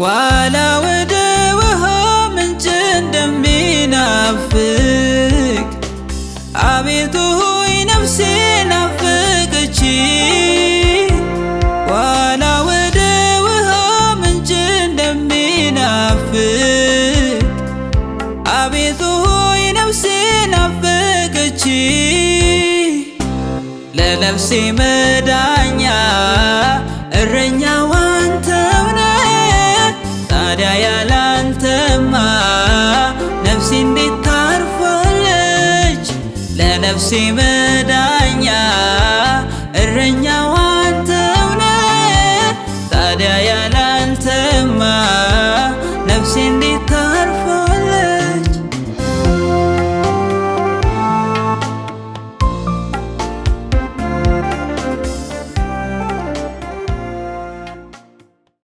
ዋላ ወደ ውሃ ምንጭ እንደሚናፍቅ አቤቱ ሆይ ነፍሴ ናፍቅች ዋላ ወደ ውሃ ምንጭ እንደሚናፍቅ አቤቱ ሆይ ነፍሴ ናፍቅች ለነፍሴ መዳኛ ታዲያ ያላንተማ ነፍሴ እንዴት ታርፋለች? ለነፍሴ መዳኛ እረኛዋ አንተውነ ታዲያ ያላንተማ